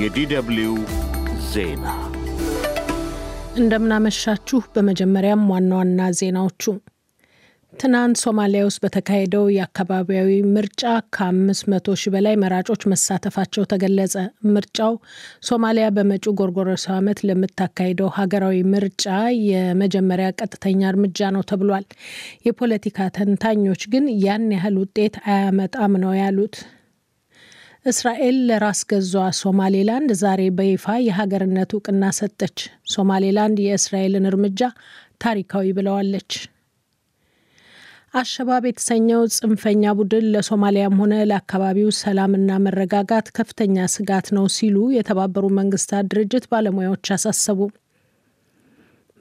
የዲደብልዩ ዜና እንደምናመሻችሁ። በመጀመሪያም ዋና ዋና ዜናዎቹ ትናንት ሶማሊያ ውስጥ በተካሄደው የአካባቢያዊ ምርጫ ከ500 ሺህ በላይ መራጮች መሳተፋቸው ተገለጸ። ምርጫው ሶማሊያ በመጪው ጎርጎሮሳዊ ዓመት ለምታካሄደው ሀገራዊ ምርጫ የመጀመሪያ ቀጥተኛ እርምጃ ነው ተብሏል። የፖለቲካ ተንታኞች ግን ያን ያህል ውጤት አያመጣም ነው ያሉት። እስራኤል ለራስ ገዟ ሶማሌላንድ ዛሬ በይፋ የሀገርነት እውቅና ሰጠች። ሶማሌላንድ የእስራኤልን እርምጃ ታሪካዊ ብለዋለች። አሸባብ የተሰኘው ጽንፈኛ ቡድን ለሶማሊያም ሆነ ለአካባቢው ሰላምና መረጋጋት ከፍተኛ ስጋት ነው ሲሉ የተባበሩት መንግስታት ድርጅት ባለሙያዎች አሳሰቡ።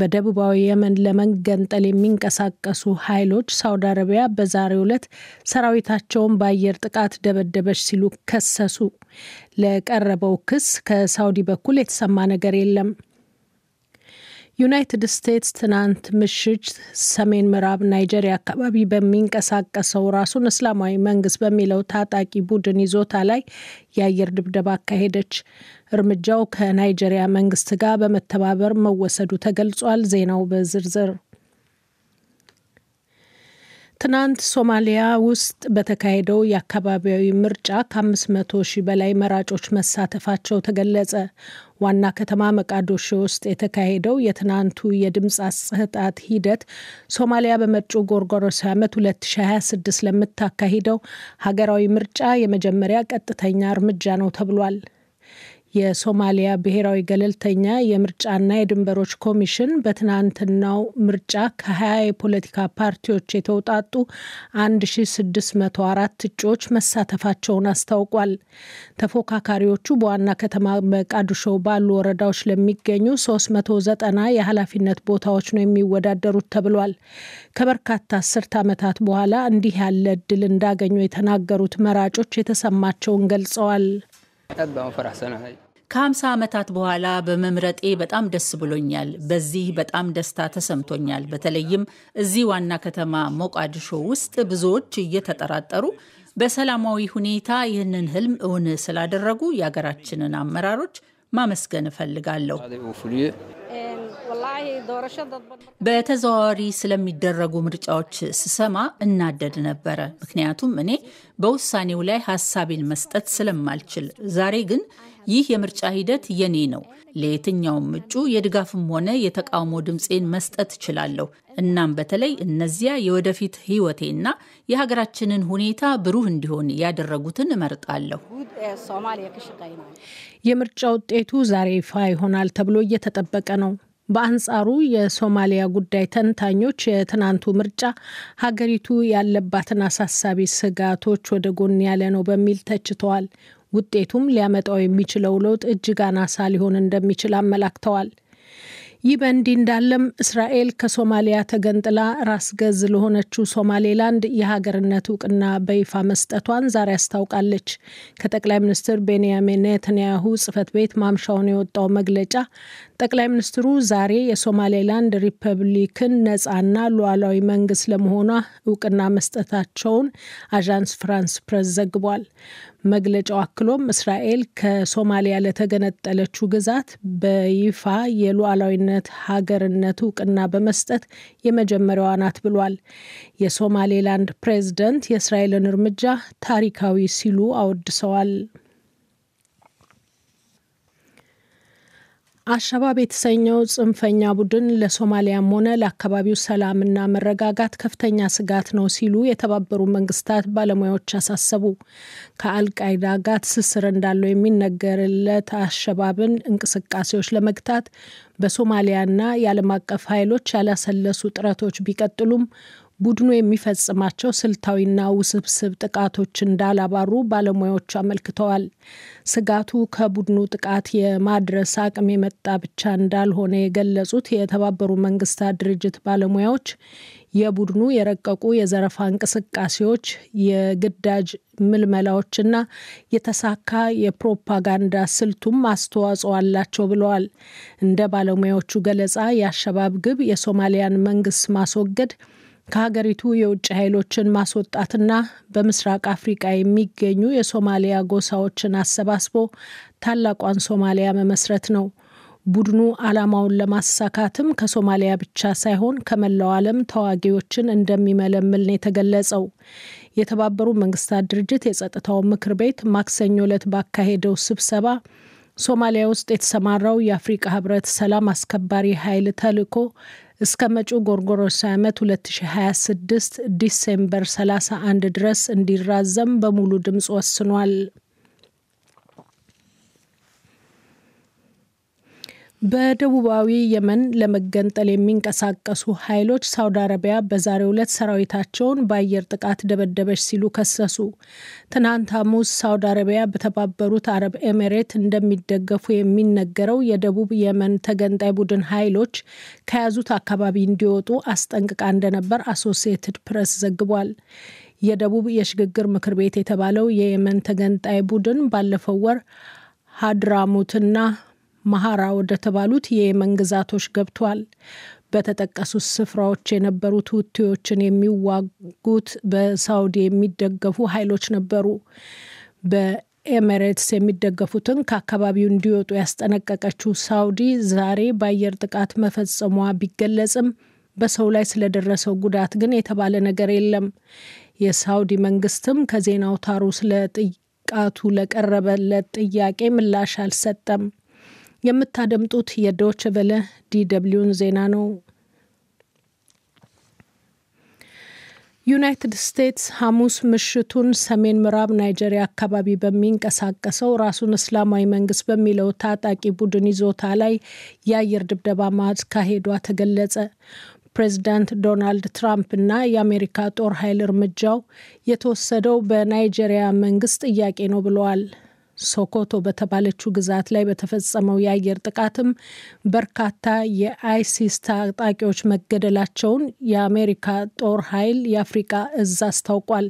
በደቡባዊ የመን ለመገንጠል የሚንቀሳቀሱ ኃይሎች ሳውዲ አረቢያ በዛሬው ዕለት ሰራዊታቸውን በአየር ጥቃት ደበደበች ሲሉ ከሰሱ። ለቀረበው ክስ ከሳውዲ በኩል የተሰማ ነገር የለም። ዩናይትድ ስቴትስ ትናንት ምሽት ሰሜን ምዕራብ ናይጀሪያ አካባቢ በሚንቀሳቀሰው ራሱን እስላማዊ መንግስት በሚለው ታጣቂ ቡድን ይዞታ ላይ የአየር ድብደባ አካሄደች። እርምጃው ከናይጀሪያ መንግስት ጋር በመተባበር መወሰዱ ተገልጿል። ዜናው በዝርዝር ትናንት ሶማሊያ ውስጥ በተካሄደው የአካባቢያዊ ምርጫ ከ500 ሺህ በላይ መራጮች መሳተፋቸው ተገለጸ። ዋና ከተማ መቃዶሾ ውስጥ የተካሄደው የትናንቱ የድምፅ አሰጣጥ ሂደት ሶማሊያ በመጪው ጎርጎሮስ ዓመት 2026 ለምታካሂደው ሀገራዊ ምርጫ የመጀመሪያ ቀጥተኛ እርምጃ ነው ተብሏል። የሶማሊያ ብሔራዊ ገለልተኛ የምርጫና የድንበሮች ኮሚሽን በትናንትናው ምርጫ ከ20 የፖለቲካ ፓርቲዎች የተውጣጡ 1604 እጩዎች መሳተፋቸውን አስታውቋል። ተፎካካሪዎቹ በዋና ከተማ መቃድሾ ባሉ ወረዳዎች ለሚገኙ 390 የኃላፊነት ቦታዎች ነው የሚወዳደሩት ተብሏል። ከበርካታ አስርት ዓመታት በኋላ እንዲህ ያለ እድል እንዳገኙ የተናገሩት መራጮች የተሰማቸውን ገልጸዋል። ከ50 ዓመታት በኋላ በመምረጤ በጣም ደስ ብሎኛል። በዚህ በጣም ደስታ ተሰምቶኛል። በተለይም እዚህ ዋና ከተማ ሞቃዲሾ ውስጥ ብዙዎች እየተጠራጠሩ በሰላማዊ ሁኔታ ይህንን ህልም እውን ስላደረጉ የሀገራችንን አመራሮች ማመስገን እፈልጋለሁ። በተዘዋዋሪ ስለሚደረጉ ምርጫዎች ስሰማ እናደድ ነበረ። ምክንያቱም እኔ በውሳኔው ላይ ሀሳቤን መስጠት ስለማልችል። ዛሬ ግን ይህ የምርጫ ሂደት የኔ ነው። ለየትኛውም እጩ የድጋፍም ሆነ የተቃውሞ ድምፄን መስጠት እችላለሁ። እናም በተለይ እነዚያ የወደፊት ሕይወቴና የሀገራችንን ሁኔታ ብሩህ እንዲሆን ያደረጉትን እመርጣለሁ። የምርጫ ውጤቱ ዛሬ ይፋ ይሆናል ተብሎ እየተጠበቀ ነው። በአንጻሩ የሶማሊያ ጉዳይ ተንታኞች የትናንቱ ምርጫ ሀገሪቱ ያለባትን አሳሳቢ ስጋቶች ወደ ጎን ያለ ነው በሚል ተችተዋል። ውጤቱም ሊያመጣው የሚችለው ለውጥ እጅግ አናሳ ሊሆን እንደሚችል አመላክተዋል። ይህ በእንዲህ እንዳለም እስራኤል ከሶማሊያ ተገንጥላ ራስ ገዝ ለሆነችው ሶማሌላንድ የሀገርነት እውቅና በይፋ መስጠቷን ዛሬ አስታውቃለች። ከጠቅላይ ሚኒስትር ቤንያሚን ኔተንያሁ ጽህፈት ቤት ማምሻውን የወጣው መግለጫ ጠቅላይ ሚኒስትሩ ዛሬ የሶማሌላንድ ሪፐብሊክን ነጻና ሉዓላዊ መንግስት ለመሆኗ እውቅና መስጠታቸውን አዣንስ ፍራንስ ፕረስ ዘግቧል። መግለጫው አክሎም እስራኤል ከሶማሊያ ለተገነጠለችው ግዛት በይፋ የሉዓላዊነት ሀገርነት እውቅና በመስጠት የመጀመሪያዋ ናት ብሏል። የሶማሌላንድ ፕሬዝደንት የእስራኤልን እርምጃ ታሪካዊ ሲሉ አወድሰዋል። አሸባብ የተሰኘው ጽንፈኛ ቡድን ለሶማሊያም ሆነ ለአካባቢው ሰላምና መረጋጋት ከፍተኛ ስጋት ነው ሲሉ የተባበሩ መንግስታት ባለሙያዎች አሳሰቡ። ከአልቃይዳ ጋር ትስስር እንዳለው የሚነገርለት አሸባብን እንቅስቃሴዎች ለመግታት በሶማሊያና የዓለም አቀፍ ኃይሎች ያላሰለሱ ጥረቶች ቢቀጥሉም ቡድኑ የሚፈጽማቸው ስልታዊና ውስብስብ ጥቃቶች እንዳላባሩ ባለሙያዎቹ አመልክተዋል። ስጋቱ ከቡድኑ ጥቃት የማድረስ አቅም የመጣ ብቻ እንዳልሆነ የገለጹት የተባበሩ መንግስታት ድርጅት ባለሙያዎች የቡድኑ የረቀቁ የዘረፋ እንቅስቃሴዎች፣ የግዳጅ ምልመላዎችና የተሳካ የፕሮፓጋንዳ ስልቱም አስተዋጽኦ አላቸው ብለዋል። እንደ ባለሙያዎቹ ገለጻ የአሸባብ ግብ የሶማሊያን መንግስት ማስወገድ ከሀገሪቱ የውጭ ኃይሎችን ማስወጣትና በምስራቅ አፍሪቃ የሚገኙ የሶማሊያ ጎሳዎችን አሰባስቦ ታላቋን ሶማሊያ መመስረት ነው። ቡድኑ ዓላማውን ለማሳካትም ከሶማሊያ ብቻ ሳይሆን ከመላው ዓለም ተዋጊዎችን እንደሚመለምል ነው የተገለጸው። የተባበሩ መንግስታት ድርጅት የጸጥታው ምክር ቤት ማክሰኞ ዕለት ባካሄደው ስብሰባ ሶማሊያ ውስጥ የተሰማራው የአፍሪቃ ህብረት ሰላም አስከባሪ ኃይል ተልዕኮ እስከ መጪው ጎርጎሮስ ዓመት 2026 ዲሴምበር 31 ድረስ እንዲራዘም በሙሉ ድምፅ ወስኗል። በደቡባዊ የመን ለመገንጠል የሚንቀሳቀሱ ኃይሎች ሳውዲ አረቢያ በዛሬው ዕለት ሰራዊታቸውን በአየር ጥቃት ደበደበች ሲሉ ከሰሱ። ትናንት ሐሙስ ሳውዲ አረቢያ በተባበሩት አረብ ኤሜሬት እንደሚደገፉ የሚነገረው የደቡብ የመን ተገንጣይ ቡድን ኃይሎች ከያዙት አካባቢ እንዲወጡ አስጠንቅቃ እንደነበር አሶሲየትድ ፕሬስ ዘግቧል። የደቡብ የሽግግር ምክር ቤት የተባለው የየመን ተገንጣይ ቡድን ባለፈው ወር ሀድራሙትና ማሃራ ወደተባሉት የየመን ግዛቶች ገብቷል። በተጠቀሱት ስፍራዎች የነበሩት ውቴዎችን የሚዋጉት በሳውዲ የሚደገፉ ኃይሎች ነበሩ። በኤሜሬትስ የሚደገፉትን ከአካባቢው እንዲወጡ ያስጠነቀቀችው ሳውዲ ዛሬ በአየር ጥቃት መፈጸሟ ቢገለጽም በሰው ላይ ስለደረሰው ጉዳት ግን የተባለ ነገር የለም። የሳውዲ መንግስትም ከዜና አውታሩ ስለ ጥቃቱ ለቀረበለት ጥያቄ ምላሽ አልሰጠም። የምታደምጡት የዶች ቨለ ዲደብሊውን ዜና ነው። ዩናይትድ ስቴትስ ሐሙስ ምሽቱን ሰሜን ምዕራብ ናይጄሪያ አካባቢ በሚንቀሳቀሰው ራሱን እስላማዊ መንግስት በሚለው ታጣቂ ቡድን ይዞታ ላይ የአየር ድብደባ ማካሄዷ ተገለጸ። ፕሬዚዳንት ዶናልድ ትራምፕ እና የአሜሪካ ጦር ኃይል እርምጃው የተወሰደው በናይጄሪያ መንግስት ጥያቄ ነው ብለዋል። ሶኮቶ በተባለችው ግዛት ላይ በተፈጸመው የአየር ጥቃትም በርካታ የአይሲስ ታጣቂዎች መገደላቸውን የአሜሪካ ጦር ኃይል የአፍሪቃ እዝ አስታውቋል።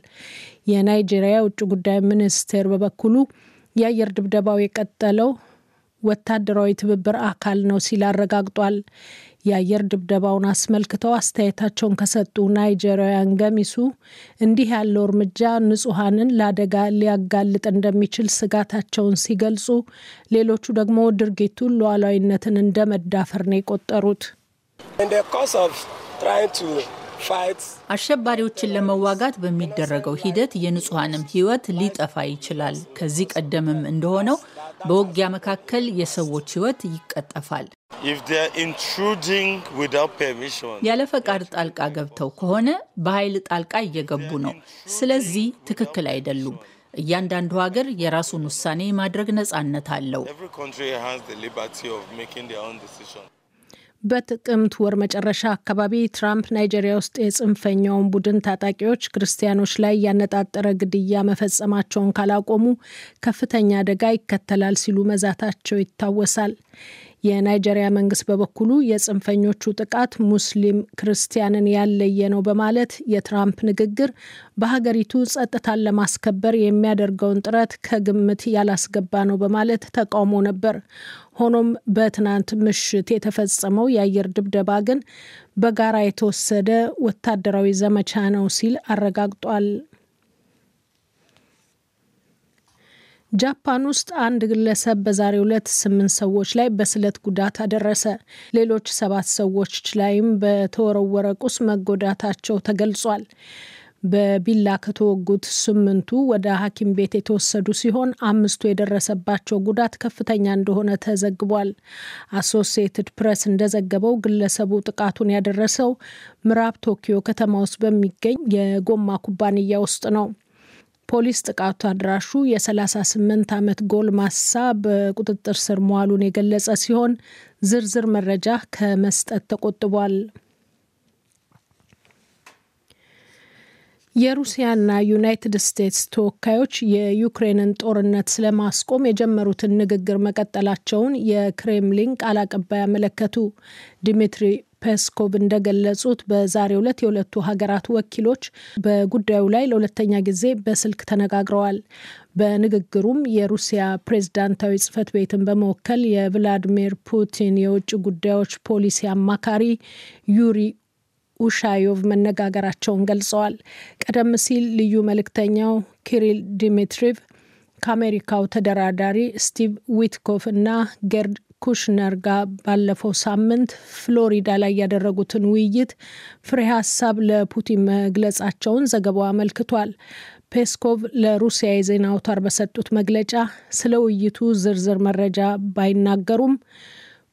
የናይጄሪያ የውጭ ጉዳይ ሚኒስቴር በበኩሉ የአየር ድብደባው የቀጠለው ወታደራዊ ትብብር አካል ነው ሲል አረጋግጧል። የአየር ድብደባውን አስመልክተው አስተያየታቸውን ከሰጡ ናይጀሪያን ገሚሱ እንዲህ ያለው እርምጃ ንጹሐንን ለአደጋ ሊያጋልጥ እንደሚችል ስጋታቸውን ሲገልጹ፣ ሌሎቹ ደግሞ ድርጊቱ ሉዓላዊነትን እንደ መዳፈር ነው የቆጠሩት። አሸባሪዎችን ለመዋጋት በሚደረገው ሂደት የንጹሐንም ህይወት ሊጠፋ ይችላል። ከዚህ ቀደምም እንደሆነው በውጊያ መካከል የሰዎች ህይወት ይቀጠፋል። ያለ ፈቃድ ጣልቃ ገብተው ከሆነ በኃይል ጣልቃ እየገቡ ነው። ስለዚህ ትክክል አይደሉም። እያንዳንዱ ሀገር የራሱን ውሳኔ ማድረግ ነጻነት አለው። በጥቅምት ወር መጨረሻ አካባቢ ትራምፕ ናይጄሪያ ውስጥ የጽንፈኛውን ቡድን ታጣቂዎች ክርስቲያኖች ላይ ያነጣጠረ ግድያ መፈጸማቸውን ካላቆሙ ከፍተኛ አደጋ ይከተላል ሲሉ መዛታቸው ይታወሳል። የናይጀሪያ መንግስት በበኩሉ የጽንፈኞቹ ጥቃት ሙስሊም ክርስቲያንን ያለየ ነው በማለት የትራምፕ ንግግር በሀገሪቱ ጸጥታን ለማስከበር የሚያደርገውን ጥረት ከግምት ያላስገባ ነው በማለት ተቃውሞ ነበር። ሆኖም በትናንት ምሽት የተፈጸመው የአየር ድብደባ ግን በጋራ የተወሰደ ወታደራዊ ዘመቻ ነው ሲል አረጋግጧል። ጃፓን ውስጥ አንድ ግለሰብ በዛሬው ዕለት ስምንት ሰዎች ላይ በስለት ጉዳት አደረሰ። ሌሎች ሰባት ሰዎች ላይም በተወረወረ ቁስ መጎዳታቸው ተገልጿል። በቢላ ከተወጉት ስምንቱ ወደ ሐኪም ቤት የተወሰዱ ሲሆን አምስቱ የደረሰባቸው ጉዳት ከፍተኛ እንደሆነ ተዘግቧል። አሶሲየትድ ፕሬስ እንደዘገበው ግለሰቡ ጥቃቱን ያደረሰው ምዕራብ ቶኪዮ ከተማ ውስጥ በሚገኝ የጎማ ኩባንያ ውስጥ ነው። ፖሊስ ጥቃቱ አድራሹ የ38 ዓመት ጎልማሳ በቁጥጥር ስር መዋሉን የገለጸ ሲሆን ዝርዝር መረጃ ከመስጠት ተቆጥቧል። የሩሲያና ዩናይትድ ስቴትስ ተወካዮች የዩክሬንን ጦርነት ስለማስቆም የጀመሩትን ንግግር መቀጠላቸውን የክሬምሊን ቃል አቀባይ አመለከቱ። ዲሚትሪ ፔስኮቭ እንደገለጹት በዛሬው ዕለት የሁለቱ ሀገራት ወኪሎች በጉዳዩ ላይ ለሁለተኛ ጊዜ በስልክ ተነጋግረዋል። በንግግሩም የሩሲያ ፕሬዝዳንታዊ ጽህፈት ቤትን በመወከል የቭላዲሚር ፑቲን የውጭ ጉዳዮች ፖሊሲ አማካሪ ዩሪ ኡሻዮቭ መነጋገራቸውን ገልጸዋል። ቀደም ሲል ልዩ መልእክተኛው ኪሪል ዲሚትሪቭ ከአሜሪካው ተደራዳሪ ስቲቭ ዊትኮፍ እና ጌርድ ኩሽነር ጋር ባለፈው ሳምንት ፍሎሪዳ ላይ ያደረጉትን ውይይት ፍሬ ሀሳብ ለፑቲን መግለጻቸውን ዘገባው አመልክቷል። ፔስኮቭ ለሩሲያ የዜና አውታር በሰጡት መግለጫ ስለ ውይይቱ ዝርዝር መረጃ ባይናገሩም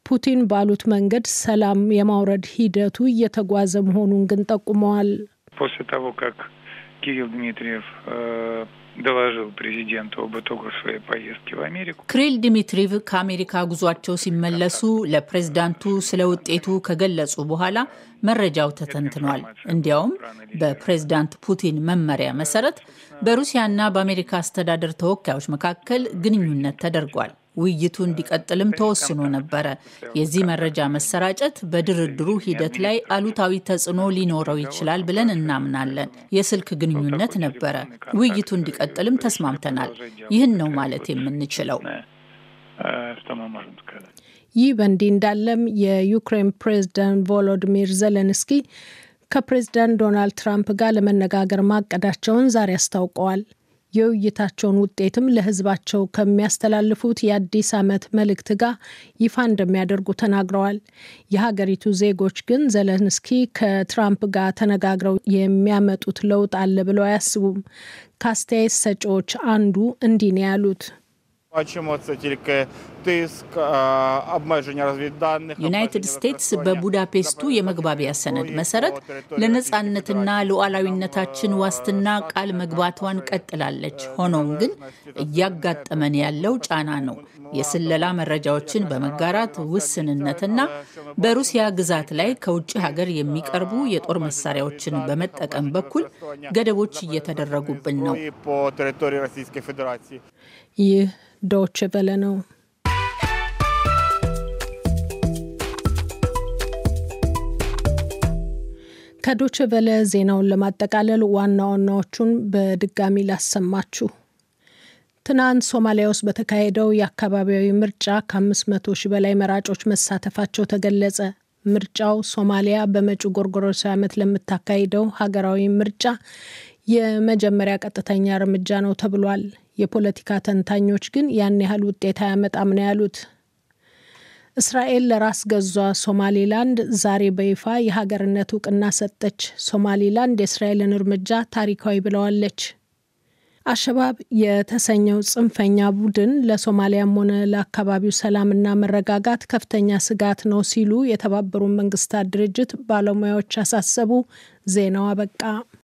ፑቲን ባሉት መንገድ ሰላም የማውረድ ሂደቱ እየተጓዘ መሆኑን ግን ጠቁመዋል። доложил президенту об итогах своей поездки в ዲሚትሪቭ ከአሜሪካ ጉዟቸው ሲመለሱ ለፕሬዝዳንቱ ስለ ውጤቱ ከገለጹ በኋላ መረጃው ተተንትኗል። እንዲያውም በፕሬዝዳንት ፑቲን መመሪያ መሰረት በሩሲያና በአሜሪካ አስተዳደር ተወካዮች መካከል ግንኙነት ተደርጓል። ውይይቱ እንዲቀጥልም ተወስኖ ነበረ። የዚህ መረጃ መሰራጨት በድርድሩ ሂደት ላይ አሉታዊ ተጽዕኖ ሊኖረው ይችላል ብለን እናምናለን። የስልክ ግንኙነት ነበረ። ውይይቱ እንዲቀጥልም ተስማምተናል። ይህን ነው ማለት የምንችለው። ይህ በእንዲህ እንዳለም የዩክሬን ፕሬዝዳንት ቮሎዲሚር ዘለንስኪ ከፕሬዝዳንት ዶናልድ ትራምፕ ጋር ለመነጋገር ማቀዳቸውን ዛሬ አስታውቀዋል። የውይይታቸውን ውጤትም ለህዝባቸው ከሚያስተላልፉት የአዲስ ዓመት መልእክት ጋር ይፋ እንደሚያደርጉ ተናግረዋል። የሀገሪቱ ዜጎች ግን ዘለንስኪ ከትራምፕ ጋር ተነጋግረው የሚያመጡት ለውጥ አለ ብለው አያስቡም። ከአስተያየት ሰጪዎች አንዱ እንዲህ ነው ያሉት። Бачимо це тільки тиск, обмеження розвідданих ዩናይትድ ስቴትስ በቡዳፔስቱ የመግባቢያ ሰነድ መሰረት ለነጻነትና ሉዓላዊነታችን ዋስትና ቃል መግባቷን ቀጥላለች። ሆኖም ግን እያጋጠመን ያለው ጫና ነው። የስለላ መረጃዎችን በመጋራት ውስንነትና በሩሲያ ግዛት ላይ ከውጭ ሀገር የሚቀርቡ የጦር መሳሪያዎችን በመጠቀም በኩል ገደቦች እየተደረጉብን ነው። ይህ ዶች በለ ነው። ከዶች ቨለ ዜናውን ለማጠቃለል ዋና ዋናዎቹን በድጋሚ ላሰማችሁ። ትናንት ሶማሊያ ውስጥ በተካሄደው የአካባቢያዊ ምርጫ ከ500 ሺህ በላይ መራጮች መሳተፋቸው ተገለጸ። ምርጫው ሶማሊያ በመጪው ጎርጎሮሳዊ ዓመት ለምታካሂደው ሀገራዊ ምርጫ የመጀመሪያ ቀጥተኛ እርምጃ ነው ተብሏል። የፖለቲካ ተንታኞች ግን ያን ያህል ውጤት አያመጣም ነው ያሉት። እስራኤል ለራስ ገዟ ሶማሌላንድ ዛሬ በይፋ የሀገርነት እውቅና ሰጠች። ሶማሌላንድ የእስራኤልን እርምጃ ታሪካዊ ብለዋለች። አሸባብ የተሰኘው ጽንፈኛ ቡድን ለሶማሊያም ሆነ ለአካባቢው ሰላምና መረጋጋት ከፍተኛ ስጋት ነው ሲሉ የተባበሩት መንግስታት ድርጅት ባለሙያዎች አሳሰቡ። ዜናው አበቃ።